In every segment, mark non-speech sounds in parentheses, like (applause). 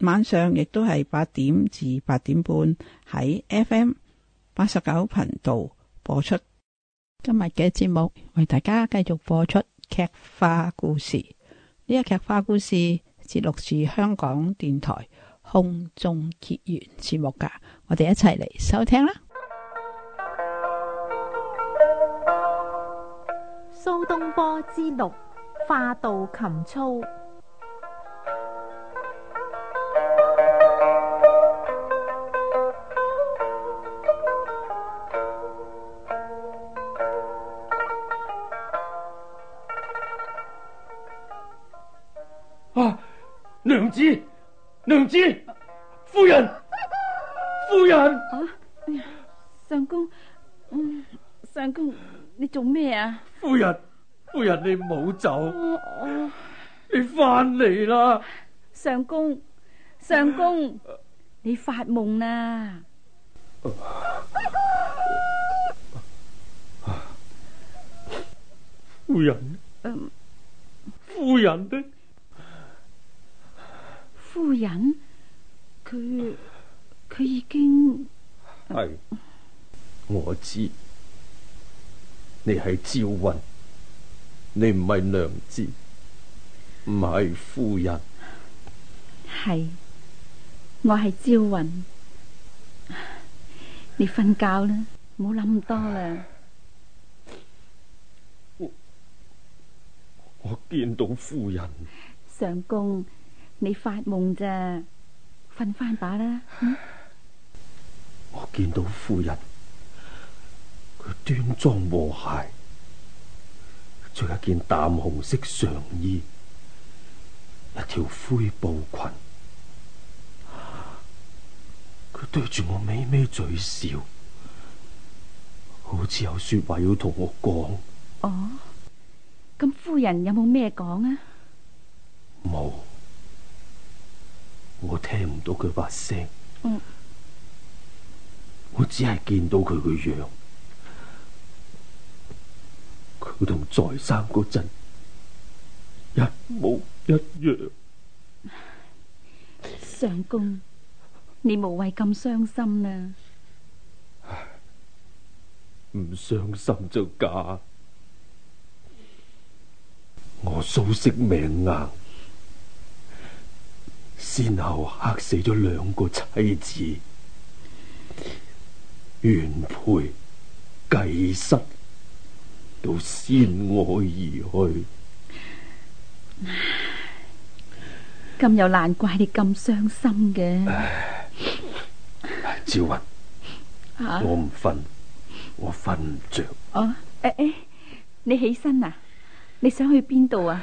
晚上亦都係八點至八點半喺 FM 八十九頻道播出今日嘅節目，為大家繼續播出劇化故事。呢個劇化故事節錄是香港電台空中結緣節目噶我哋一齊嚟收聽啦。蘇東坡之六，化道琴操。娘子，夫人，夫人。啊，相公，相公，你做咩啊？夫人，夫人，你冇走，你翻嚟啦。相公，相公，你發夢啦。夫人，嗯，夫人呢？夫人，佢佢已經係我知，你係趙雲，你唔係娘子，唔係夫人，係，我係趙雲，你瞓覺啦，唔好諗咁多啦。我我見到夫人，相公。你發夢咋？瞓翻吧啦。嗯、我見到夫人，佢端莊和諧，着一件淡紅色上衣，一條灰布裙。佢對住我微微嘴笑，好似有說話要同我講。哦，咁夫人有冇咩講啊？冇。我聽唔到佢把聲，我只係見到佢個樣，佢同在生嗰陣一模一樣。相公，你無謂咁傷心啦。唔傷心就假，我蘇軾命硬。先後吓死咗兩個妻子，原配繼失到先我而去，咁又難怪你咁傷心嘅。趙雲，我唔瞓，我瞓唔着。啊，誒，你起身啊？你想去邊度啊？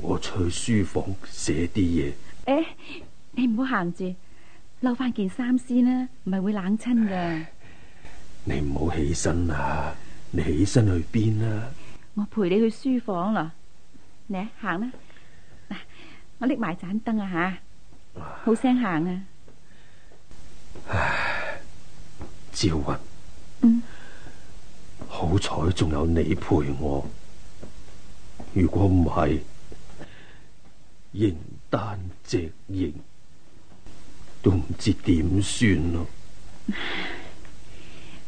我去書房寫啲嘢。誒、欸，你唔好行住，褸翻件衫先啦，唔係會冷親噶。你唔好起身啦，你起身去邊啦？我陪你去書房咯，你行啦。嗱，我拎埋盞燈啊吓，好聲行啊。唉，趙雲，嗯，好彩仲有你陪我，如果唔係。形單隻影，都唔知點算咯。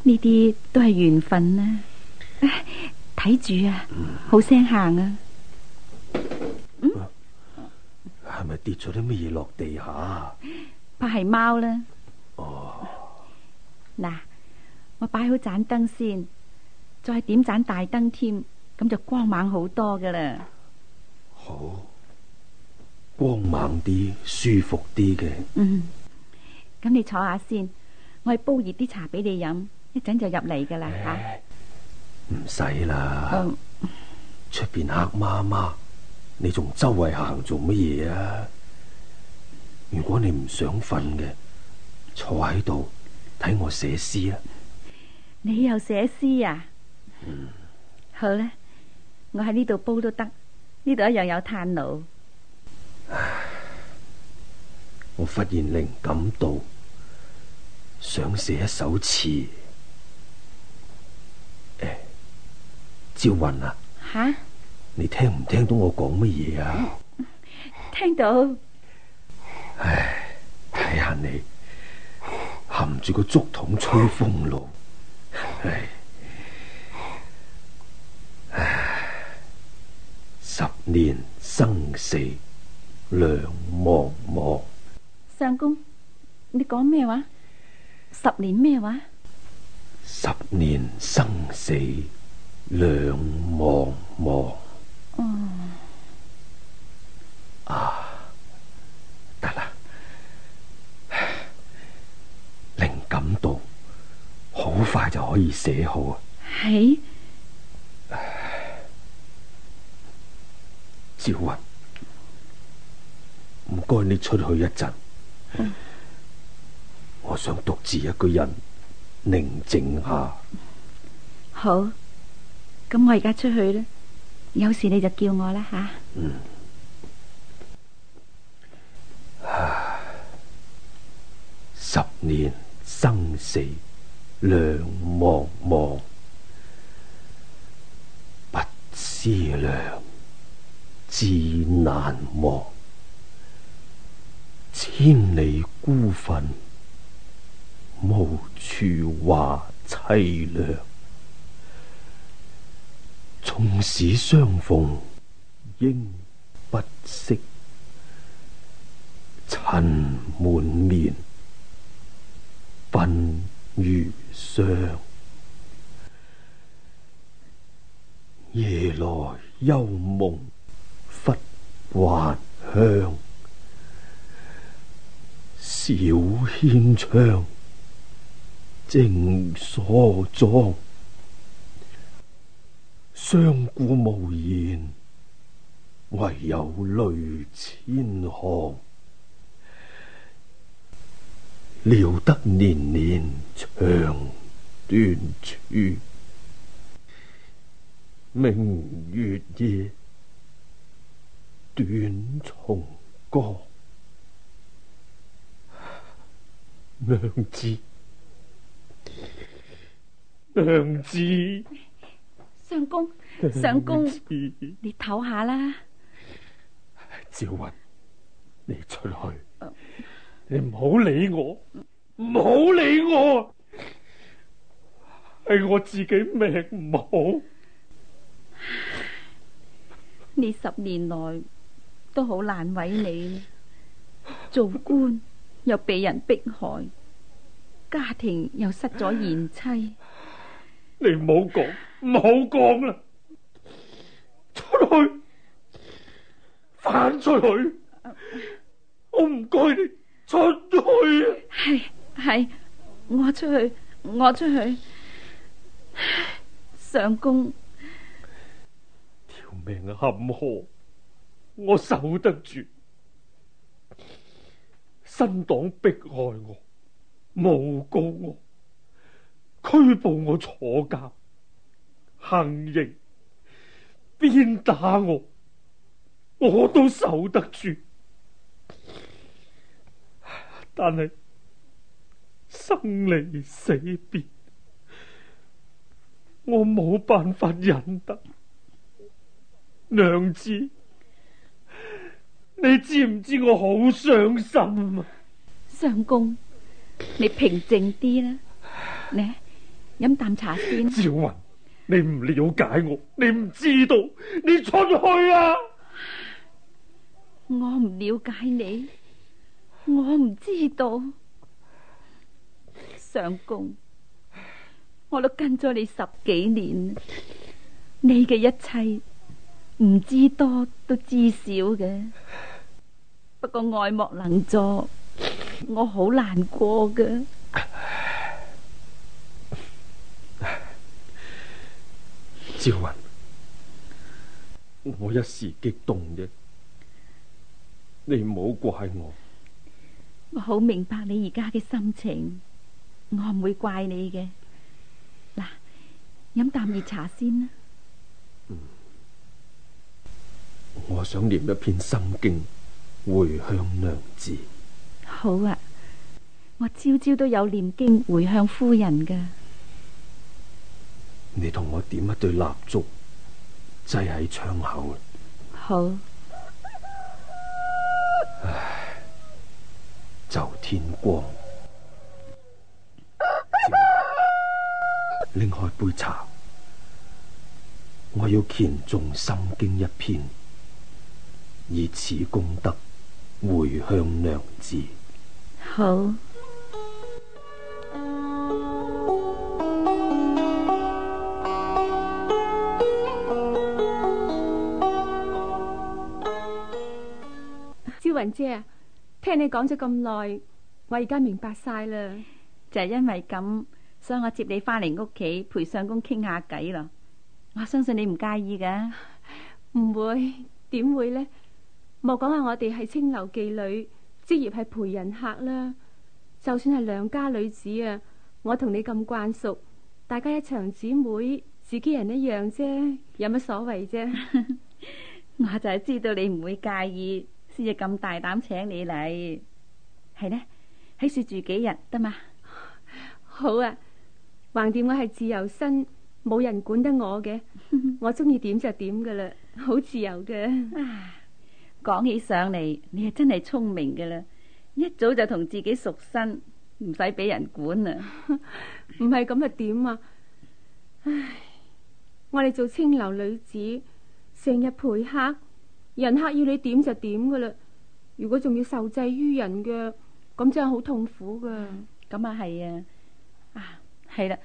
呢啲都係緣分啦，睇住啊，好聲行啊。嗯，係咪跌咗啲乜嘢落地下？怕係貓啦。哦，嗱，啊，我擺好盞燈先，再點盞大燈添，咁就光猛好多噶啦。好。光猛啲，舒服啲嘅。嗯，咁你坐下先，我去煲熱啲茶俾你飲，一陣就入嚟噶啦。吓？。唔使啦，出邊黑媽媽，你仲周圍行做乜嘢啊？如果你唔想瞓嘅，坐喺度睇我寫詩啊。你又寫詩啊？嗯，好啦，我喺呢度煲都得，呢度一樣有炭爐。唉，我忽然靈感到，想寫一首詞。誒，趙雲啊，吓哈，你聽唔聽到我講乜嘢啊？聽到。唉，睇下你含住個竹筒吹風爐，唉，唉，十年生死。兩茫茫，相公，你講咩話？十年咩話？十年生死兩茫茫。嗯。啊，得啦，靈感到，好快就可以寫好啊。係是。朝雲。唔該，你出去一陣，嗯、我想獨自一個人寧靜下。好，咁我而家出去啦。有事你就叫我啦吓。嗯、啊。十年生死兩茫茫，不思量，自難忘。千里孤墳，無處話淒涼。縱使相逢，應不識。塵滿面，鬢如霜。夜來幽夢忽還鄉。小軒窗，正梳妝，相顧無言，唯有淚千行。料得年年腸斷處，明月夜，短松岡。娘子，娘子，相公，相公，你唞下啦。趙雲，你出去，你唔好理我，唔好理我，係我自己命唔好。你十年來都好難為你做官。又被人迫害，家庭又失咗賢妻。你唔好講，唔好講啦！出去，返出去，我唔該你出去啊！係係，我出去，我出去，相公，條命坎坷，我守得住。新黨迫害我，誣告我，拘捕我坐監、行刑，鞭打我，我都守得住。但係生離死別，我冇辦法忍得，娘子。你知唔知我好傷心啊？相公，你平靜啲啦，嚟飲啖茶先。趙雲，你唔了解我，你唔知道，你出去啊！我唔了解你，我唔知道，相公，我都跟咗你十幾年，你嘅一切唔知多都知少嘅。不過愛莫能助，我好難過㗎。朝雲，我一時激動啫，你唔好怪我。我好明白你而家嘅心情，我唔會怪你嘅。嗱，飲啖熱茶先啦。嗯，我想念一篇心經。回向娘子。好啊！我朝朝都有念經回向夫人噶。你同我點一對蠟燭，擠喺窗口。好。唉，就天光，拎開杯茶，我要虔重心經一篇，以此功德。回向娘子。好。招雲姐，聽你講咗咁耐，我而家明白晒啦。就係因為咁，所以我接你翻嚟屋企陪相公傾下偈咯。我相信你唔介意噶，唔會，點會咧？莫講話，我哋係青樓妓女，職業係陪人客啦。就算係良家女子啊，我同你咁慣熟，大家一場姊妹，自己人一樣啫，有乜所謂啫？ (laughs) 我就係知道你唔會介意，先至咁大膽請你嚟。係呢？喺雪住幾日得嘛？ (laughs) 好啊，橫掂我係自由身，冇人管得我嘅，我中意點就點噶啦，好自由嘅。 (laughs) 講起上嚟，你係真係聰明噶啦！一早就同自己贖身，唔使俾人管啦。唔係咁啊點啊？唉，我哋做青樓女子，成日陪客，人客要你點就點噶啦。如果仲要受制於人嘅，咁真係好痛苦噶。咁啊係啊，啊係啦。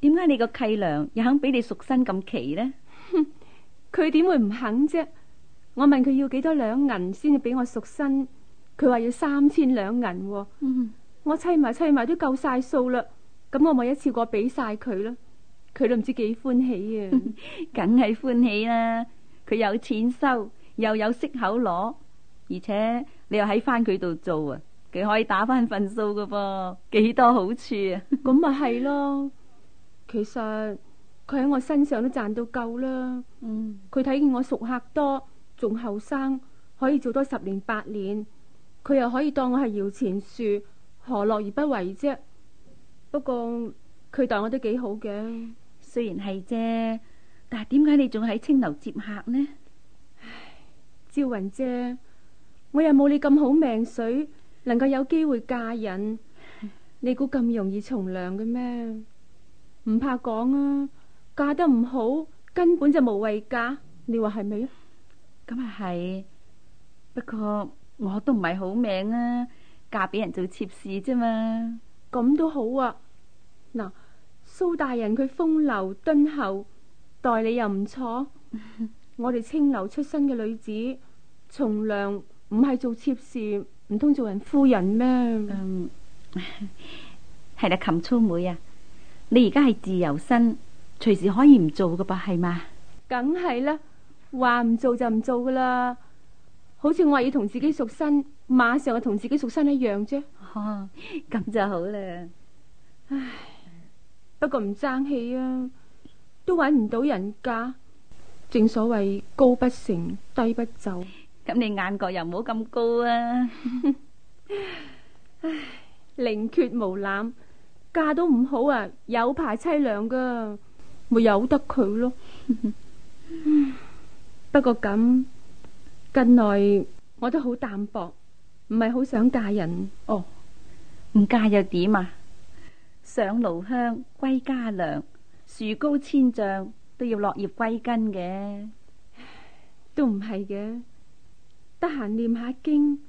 點解、啊、你個契娘又肯俾你贖身咁奇呢？佢點 (laughs) 會唔肯啫？我問佢要幾多兩銀先至俾我贖身，佢話要三千兩銀、哦。嗯、我砌埋砌埋都夠晒數啦，咁我咪一次過俾晒佢咯。佢都唔知幾歡喜啊，梗係 (laughs) 歡喜啦。佢有錢收，又有息口攞，而且你又喺翻佢度做啊，佢可以打翻份數噶噃，幾多好處啊？咁咪係咯。其實佢喺我身上都賺到夠啦。佢睇、嗯、見我熟客多。仲後生可以做多十年八年，佢又可以當我係搖錢樹，何樂而不為啫？不過佢待我都幾好嘅，雖然係啫，但係點解你仲喺青樓接客呢？唉，趙雲姐！我又冇你咁好命水，能夠有機會嫁人， (laughs) 你估咁容易從良嘅咩？唔怕講啊，嫁得唔好根本就無謂嫁，你話係咪？咁啊，係，不過我都唔係好命啊，嫁俾人做妾侍啫嘛，咁都好啊。嗱，蘇大人佢風流敦厚，待你又唔錯。我哋青樓出身嘅女子，從良唔係做妾侍，唔通做人夫人咩？嗯，係啦，琴操妹啊，你而家係自由身，隨時可以唔做㗎噃，係嘛？梗係啦。話唔做就唔做噶啦，好似我話要同自己贖身，馬上就同自己贖身一樣啫。哦，咁就好啦。唉，不過唔爭氣啊，都搵唔到人嫁。正所謂高不成低不就，咁你眼角又唔好咁高啊？ (laughs) 唉，寧缺無濫，嫁都唔好啊，有排凄涼噶，咪由得佢咯。 (laughs) 不過咁近來我都好淡薄，唔係好想嫁人。哦，唔嫁又點啊？上爐香歸家，歸家涼，樹高千丈都要落葉歸根嘅，都唔係嘅。得閒念下經，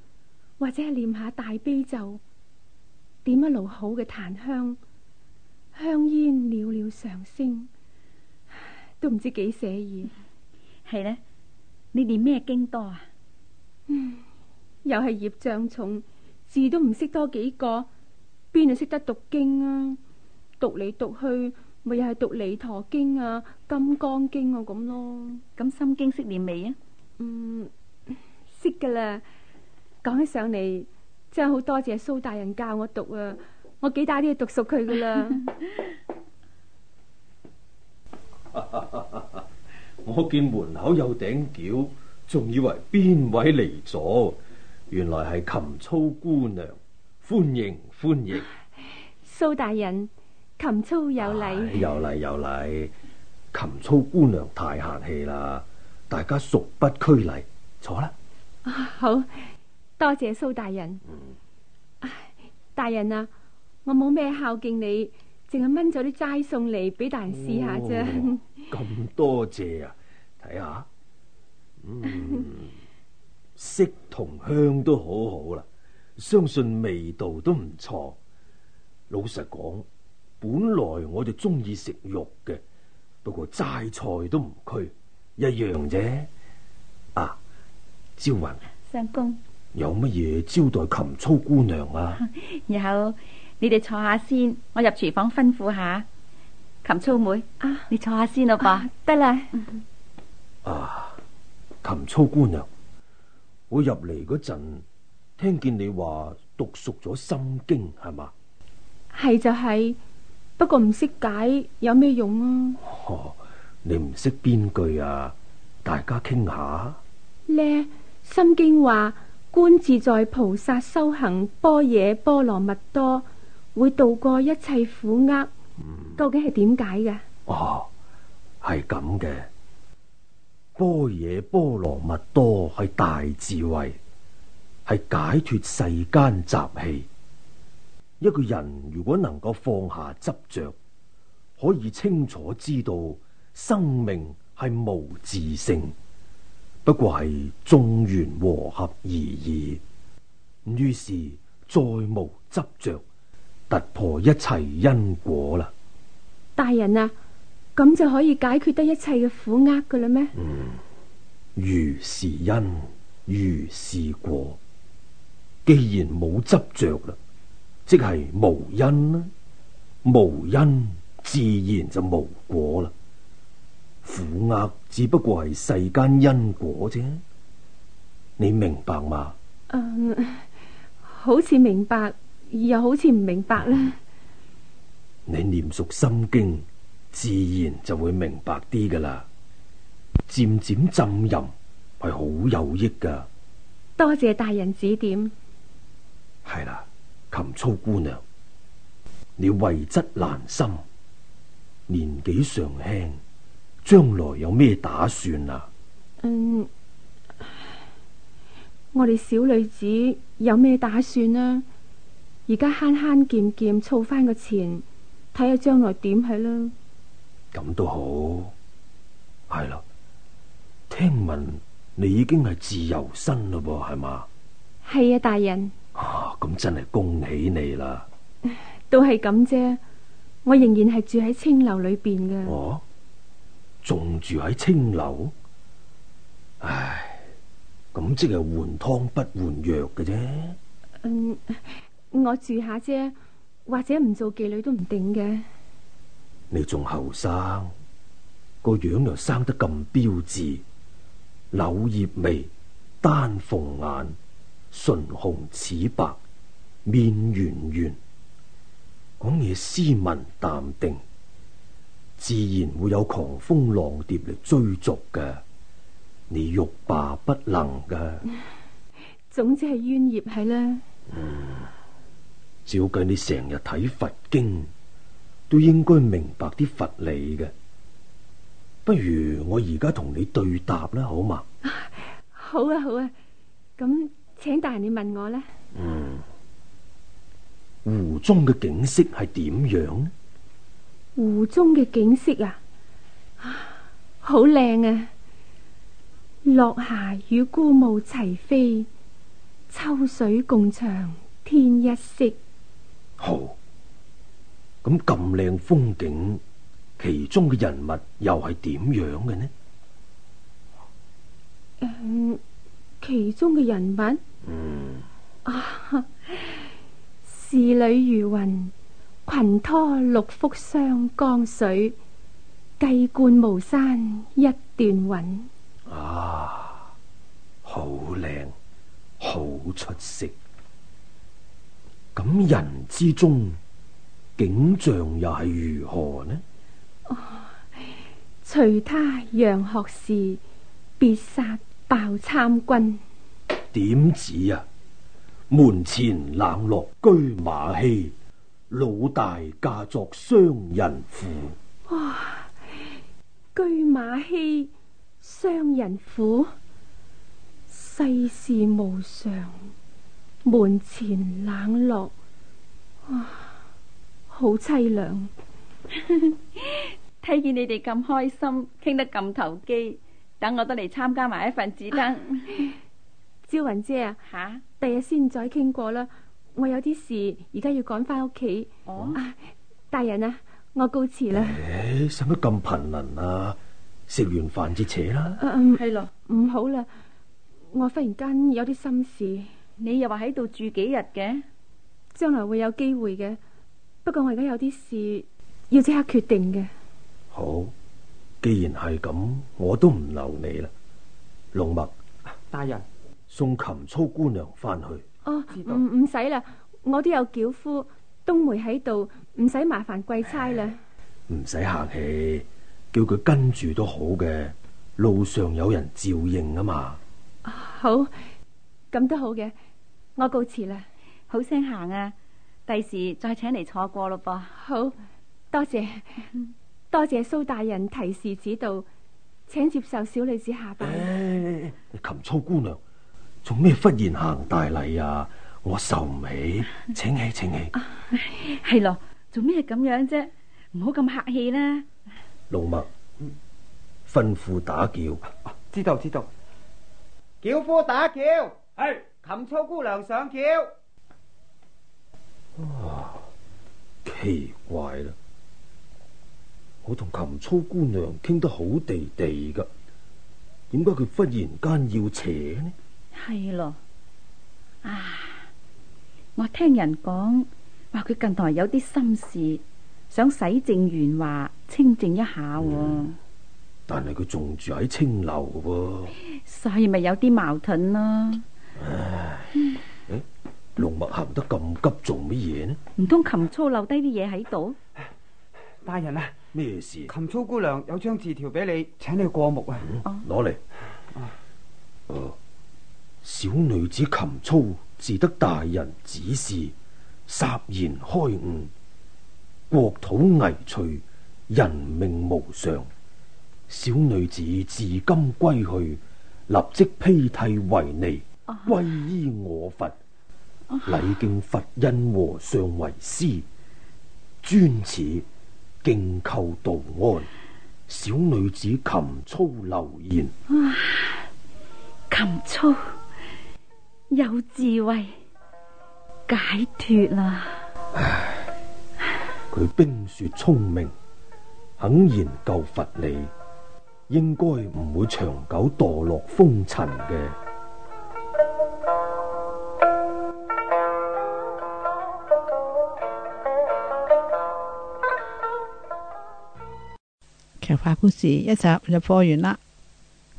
或者係念下大悲咒，點一爐好嘅檀香，香煙裊裊上升，都唔知幾寫意。係呢、嗯。你念咩經多啊？嗯，又係業障重，字都唔識多幾個，邊度識得讀經啊？讀嚟讀去，咪又係讀《彌陀經》啊，《金剛經》啊咁咯。咁《心經》識念未啊？嗯，識噶啦。講起上嚟，真係好多謝蘇大人教我讀啊！我幾大都要讀熟佢噶啦。我見門口有頂轎，仲以為邊位嚟咗？原來係琴操姑娘，歡迎歡迎。蘇大人，琴操有禮，有禮有禮。琴操姑娘太客氣啦，大家熟不拘禮，坐啦，啊。好，多謝蘇大人，嗯啊。大人啊，我冇咩孝敬你，淨係掹咗啲齋餸嚟俾大人試下啫。哦哦咁多謝啊！睇下，嗯， (laughs) 色同香都好好啦，相信味道都唔錯。老實講，本來我就中意食肉嘅，不過齋菜都唔拘，一樣啫。啊，朝雲，相公，有乜嘢招待琴操姑娘啊？有，你哋坐下先，我入廚房吩咐下。琴操妹，啊，你坐下先啦吧，得啦、啊。了啊，琴操姑娘，我入嚟嗰陣聽見你話讀熟咗《心經》，係嘛？係就係、是，不過唔識解，有咩用啊？啊你唔識邊句啊？大家傾下。咧，《心經》話觀自在菩薩修行般若波羅蜜多，會度過一切苦厄。嗯、究竟係點解嘅？哦，係咁嘅，般若波羅蜜多係大智慧，係解脫世間雜氣。一個人如果能夠放下執着，可以清楚知道生命係無自性，不過係眾緣和合而已。於是再無執着。突破一切因果啦，大人啊，咁就可以解決得一切嘅苦厄噶啦咩？嗯，如是因，如是果，既然冇執着啦，即係無因啦，無因自然就無果啦。苦厄只不過係世間因果啫，你明白嗎？嗯，好似明白。又好似唔明白呢，嗯。你念熟心經，自然就會明白啲噶啦。漸漸浸淫係好有益噶。多謝大人指點。係啦，琴操姑娘，你慧質蘭心，年紀尚輕，將來有咩打算啊？嗯，我哋小女子有咩打算呢，啊？而家慳慳儉儉湊翻個錢，睇下將來點係啦。咁都好，係啦。聽聞你已經係自由身嘞喎，係嘛？係啊，大人。啊，咁真係恭喜你啦！都係咁啫，我仍然係住喺青樓裏邊嘅。哦、啊？仲住喺青樓，唉，咁即係換湯不換藥嘅啫。嗯。我住下啫，或者唔做妓女都唔定嘅。你仲後生，個樣又生得咁標致，柳葉眉、丹鳳眼、唇紅齒白、面圓圓，講嘢斯文淡定，自然會有狂蜂浪蝶嚟追逐嘅。你欲罷不能噶。總之係冤孽係啦。嗯。照計，你成日睇佛經都應該明白啲佛理嘅。不如我而家同你對答啦，好嘛？好啊，好啊。咁，請大人你問我啦。嗯，湖中嘅景色係點樣？湖中嘅景色啊，好靚啊！落霞與孤鶩齊飛，秋水共長天一色。好，咁咁靚風景，其中嘅人物又係點樣嘅呢？誒，其中嘅人物，嗯，啊，仕女如雲，裙拖六幅湘江水，雞冠巫山一段雲，啊，好靚，好出色。咁人之中景象又係如何呢？哦，隨他楊學士，必殺鮑參軍。點止啊！門前冷落車馬稀，老大嫁作商人婦。哇、哦！車馬稀，商人婦，世事無常。門前冷落，哇，好淒涼。睇 (laughs) 見你哋咁開心，傾得咁投機，等我都嚟參加埋一份子啦。朝雲姐啊，吓，第日先再傾過啦。我有啲事，而家要趕翻屋企。哦、啊啊，大人啊，我告辭啦。使乜咁頻能啊？食完飯至扯啦。嗯、啊，係咯，唔好啦，我忽然間有啲心事。你又話喺度住幾日嘅？將來會有機會嘅。不過我而家有啲事要即刻決定嘅。好，既然係咁，我都唔留你啦。龍墨、啊，大人送琴操姑娘翻去。哦，唔唔使啦，我都有轎夫冬梅喺度，唔使麻煩貴差啦。唔使客氣，叫佢跟住都好嘅，路上有人照應嘛啊嘛。好。咁都好嘅，我告辭啦，好聲行啊！第時再請嚟坐過咯噃。好，多謝多謝蘇大人提示指導，請接受小女子下拜。唉，琴操姑娘做咩忽然行大禮啊？我受唔起，請起請起。啊，係咯，做咩咁樣啫？唔好咁客氣啦。老麥，吩咐打轎。知道知道，轎夫打轎。係琴操姑娘上橋啊，奇怪啦！我同琴操姑娘傾得好地地噶，點解佢忽然間要扯呢？係咯啊！我聽人講話，佢近台有啲心事，想洗淨鉛華，清靜一下。但係佢仲住喺青樓喎，所以咪有啲矛盾咯。唉，誒，龍墨行得咁急，做乜嘢呢？唔通琴操留低啲嘢喺度？大人啊，咩事？琴操姑娘有張字條俾你，請你過目啊。攞嚟、嗯啊啊。小女子琴操，自得大人指示，霎然開悟，國土危脆，人命無常。小女子至今歸去，立即披剃為尼。皈依我佛，禮敬佛恩和尚為師，專此敬叩道，道安。小女子琴操留言。琴操有智慧，解脱啦。唉，佢冰雪聰明，肯研究佛理，應該唔會長久墮落風塵嘅。《劇化故事》一集就播完啦。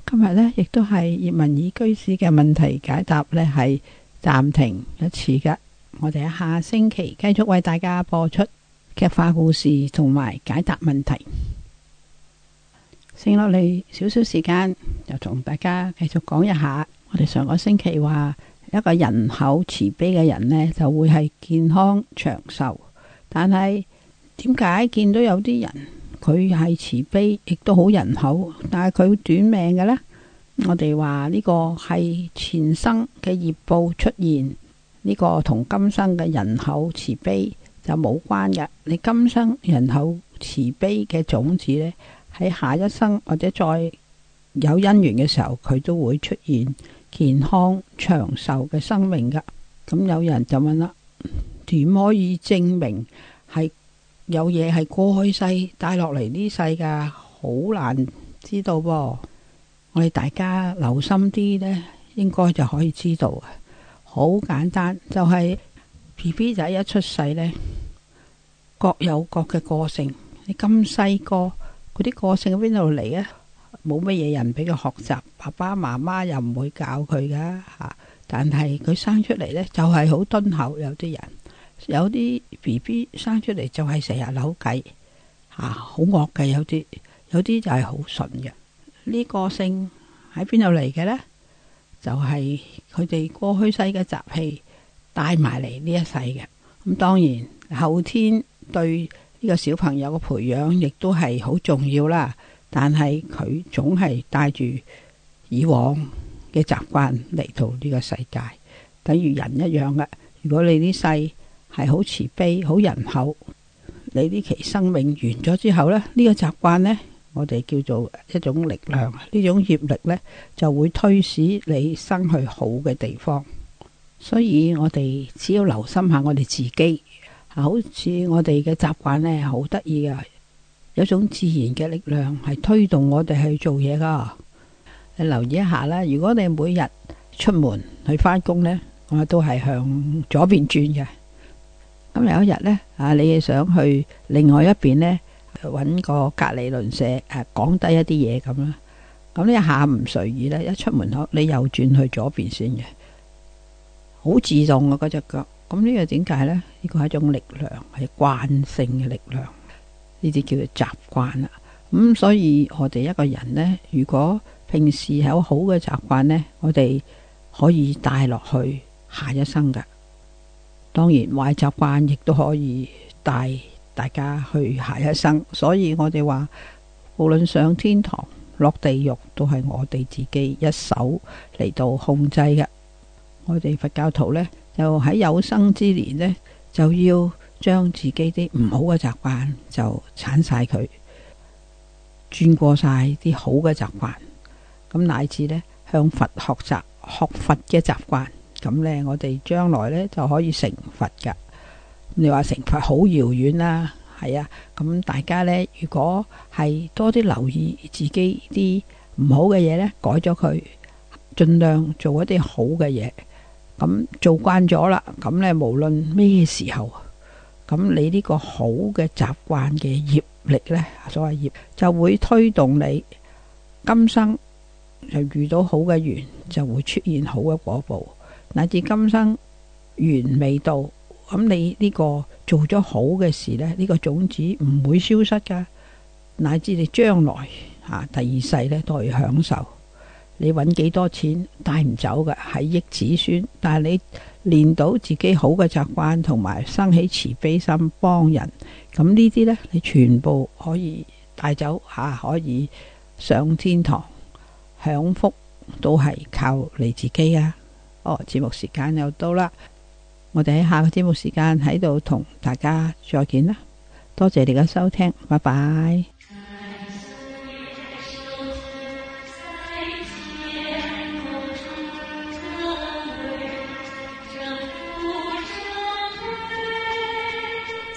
今日呢，亦都係葉文爾居士嘅問題解答呢，係暫停一次噶。我哋下星期繼續為大家播出《劇化故事》同埋解答問題。剩落嚟少少時間，又同大家繼續講一下。我哋上個星期話，一個人口慈悲嘅人呢，就會係健康長壽。但係點解見到有啲人？佢係慈悲，亦都好仁厚，但係佢短命嘅呢。我哋話呢個係前生嘅業報出現，呢個同今生嘅仁厚慈悲就冇關嘅。你今生仁厚慈悲嘅種子呢，喺下一生或者再有因緣嘅時候，佢都會出現健康長壽嘅生命噶。咁有人就問啦，點可以證明係？有嘢係過去世帶落嚟呢世噶，好難知道噃。我哋大家留心啲呢，應該就可以知道啊。好簡單，就係 BB 仔一出世呢，各有各嘅個性。你咁細個，佢啲個性喺邊度嚟啊？冇乜嘢人俾佢學習，爸爸媽媽又唔會教佢噶吓。但係佢生出嚟呢，就係好敦厚，有啲人。有啲 B B 生出嚟就係成日扭計吓，好惡嘅有啲，有啲就係好順嘅。呢個性喺邊度嚟嘅呢？就係佢哋過去世嘅習氣帶埋嚟呢一世嘅。咁、啊、當然後天對呢個小朋友嘅培養亦都係好重要啦。但係佢總係帶住以往嘅習慣嚟到呢個世界，等於人一樣嘅。如果你呢世。係好慈悲，好仁厚。你呢期生命完咗之後呢，呢、呢個習慣呢，我哋叫做一種力量，呢種業力呢，就會推使你生去好嘅地方。所以我哋只要留心下我哋自己，好似我哋嘅習慣呢，好得意嘅，有種自然嘅力量係推動我哋去做嘢噶。你留意一下啦，如果你每日出門去翻工呢，我都係向左邊轉嘅。咁有一日呢，啊，你又想去另外一邊呢，揾個隔籬鄰舍誒，講低一啲嘢咁啦。咁呢一下唔隨意呢，一出門口你又轉去左邊先嘅，好自動啊嗰隻腳。咁呢個點解呢？呢個係一種力量，係慣性嘅力量。呢啲叫做習慣啦。咁所以我哋一個人呢，如果平時有好嘅習慣呢，我哋可以帶落去下一生噶。當然，壞習慣亦都可以帶大家去下一生，所以我哋話，無論上天堂、落地獄，都係我哋自己一手嚟到控制嘅。我哋佛教徒呢，就喺有生之年呢，就要將自己啲唔好嘅習慣就鏟晒佢，轉過晒啲好嘅習慣，咁乃至呢，向佛學習學佛嘅習慣。咁呢，我哋將來呢就可以成佛㗎。你話成佛好遙遠啦，係啊。咁、啊、大家呢，如果係多啲留意自己啲唔好嘅嘢呢，改咗佢，盡量做一啲好嘅嘢，咁做慣咗啦。咁呢，無論咩時候，咁你呢個好嘅習慣嘅業力呢，所謂業就會推動你今生就遇到好嘅緣，就會出現好嘅果報。乃至今生緣未到，咁你呢個做咗好嘅事咧，呢、呢個種子唔會消失噶。乃至你將來嚇、啊、第二世咧，都可以享受。你揾幾多錢帶唔走嘅，係益子孫，但係你練到自己好嘅習慣，同埋生起慈悲心幫人，咁呢啲呢，你全部可以帶走嚇、啊，可以上天堂享福，都係靠你自己啊！哦，節目時間又到啦，我哋喺下個節目時間喺度同大家再見啦，多謝你嘅收聽，拜拜。